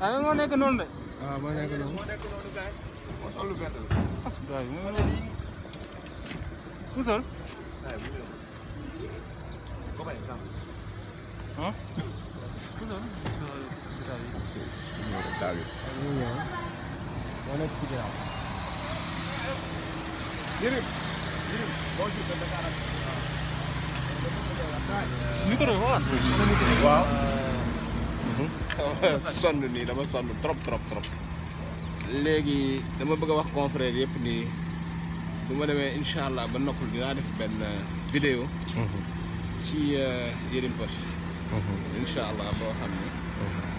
waaw moo nekk noonu de. waaw ah, moo nekk noonu. moo sol lu bett la. waaw moo nekk nii. ku sol. ku sol. ñëw rek daaw yi nii dama sonn trop trop trop léegi dama bëgg wax confrère yëpp nii bu ma demee incha allah ba noppal dinaa def benn vidéo mhm. ci euh, Yërim Post mhm. incha allah boo xam ne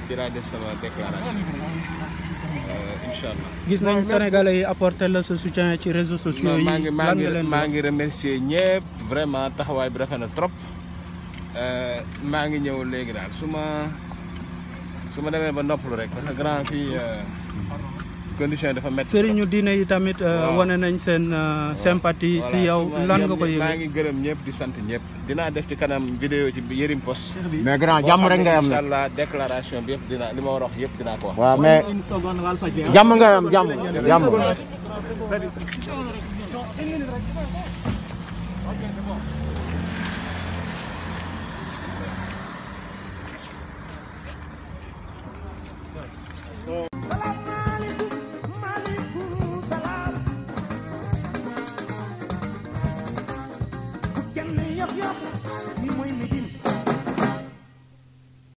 ci laa def sama déclaration euh, incha allah. gis nañ Sénégalais yi apporter la ce soutien ci réseaux sociaux yi. maa ngi maa ngi maa ngi remercier ñëpp vraiment taxawaay bi rafet na trop. Euh, maa ngi ñëw léegi daal su ma su ma demee ba noppalu rek parce que grand fii. condition defa métti sëriñu diine yi tamit euh, wone nañ seen euh, sympathie si yow lan nga ngi gërëm ñëpp di sant ñëpp dinaa def ci kanam vidéo ci Yërim Post mais grand jàmm rek ngay am incha allah déclaration bi yëpp dinaa li ma war a wax yëpp dinaa ko wax waaw mais jàmm ngay am jàmm jàmm yokk yokk yi mooy Médine